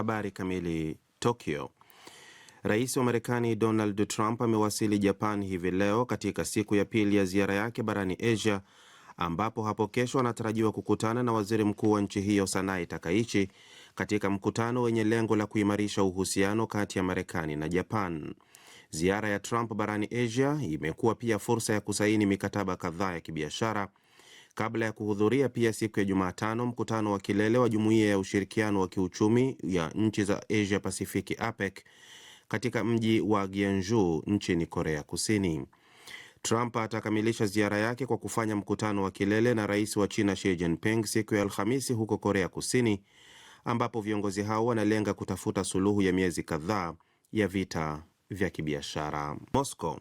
Habari kamili. Tokyo. Rais wa Marekani Donald Trump amewasili Japan hivi leo katika siku ya pili ya ziara yake barani Asia, ambapo hapo kesho anatarajiwa kukutana na waziri mkuu wa nchi hiyo Sanae Takaichi katika mkutano wenye lengo la kuimarisha uhusiano kati ya Marekani na Japan. Ziara ya Trump barani Asia imekuwa pia fursa ya kusaini mikataba kadhaa ya kibiashara kabla ya kuhudhuria pia siku ya Jumatano mkutano wa kilele wa Jumuiya ya Ushirikiano wa Kiuchumi ya Nchi za Asia Pasifiki APEC katika mji wa Gyeongju nchini Korea Kusini. Trump atakamilisha ziara yake kwa kufanya mkutano wa kilele na rais wa China Xi Jinping siku ya Alhamisi huko Korea Kusini, ambapo viongozi hao wanalenga kutafuta suluhu ya miezi kadhaa ya vita vya kibiashara. Moscow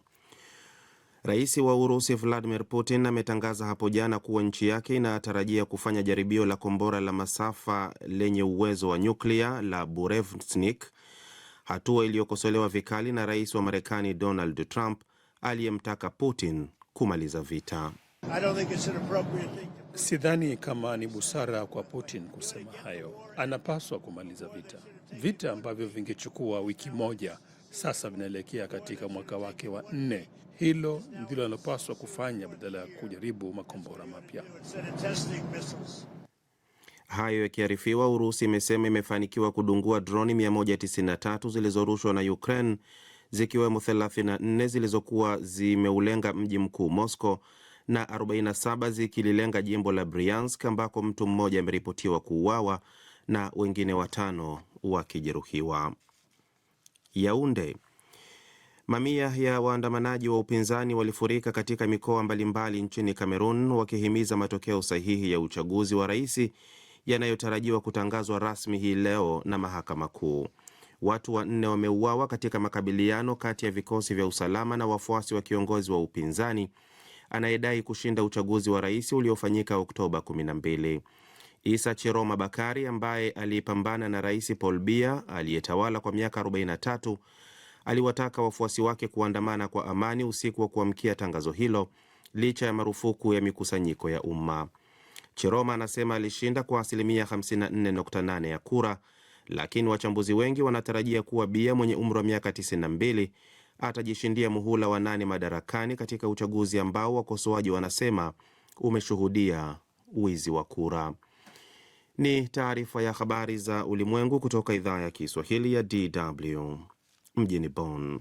Rais wa Urusi Vladimir Putin ametangaza hapo jana kuwa nchi yake inatarajia kufanya jaribio la kombora la masafa lenye uwezo wa nyuklia la Burevestnik, hatua iliyokosolewa vikali na rais wa Marekani Donald Trump aliyemtaka Putin kumaliza vita. Sidhani kama ni busara kwa Putin kusema hayo. Anapaswa kumaliza vita, vita ambavyo vingechukua wiki moja sasa vinaelekea katika mwaka wake wa nne. Hilo ndilo linalopaswa kufanya badala ya kujaribu makombora mapya. Hayo yakiarifiwa, Urusi imesema imefanikiwa kudungua droni 193 zilizorushwa na Ukraine, zikiwemo 34 zilizokuwa zimeulenga mji mkuu Moscow na 47 zikililenga jimbo la Bryansk ambako mtu mmoja ameripotiwa kuuawa na wengine watano wakijeruhiwa. Yaunde. Mamia ya waandamanaji wa upinzani walifurika katika mikoa mbalimbali nchini Kamerun wakihimiza matokeo sahihi ya uchaguzi wa rais yanayotarajiwa kutangazwa rasmi hii leo na mahakama kuu. Watu wanne wameuawa katika makabiliano kati ya vikosi vya usalama na wafuasi wa kiongozi wa upinzani anayedai kushinda uchaguzi wa rais uliofanyika Oktoba Isa Cheroma Bakari ambaye alipambana na Rais Paul Biya aliyetawala kwa miaka 43 aliwataka wafuasi wake kuandamana kwa amani usiku wa kuamkia tangazo hilo licha ya marufuku ya mikusanyiko ya umma. Cheroma anasema alishinda kwa asilimia 54.8 ya kura, lakini wachambuzi wengi wanatarajia kuwa Biya mwenye umri wa miaka 92 atajishindia muhula wa nane madarakani katika uchaguzi ambao wakosoaji wanasema umeshuhudia wizi wa kura. Ni taarifa ya habari za ulimwengu kutoka idhaa ya Kiswahili ya DW mjini Bonn.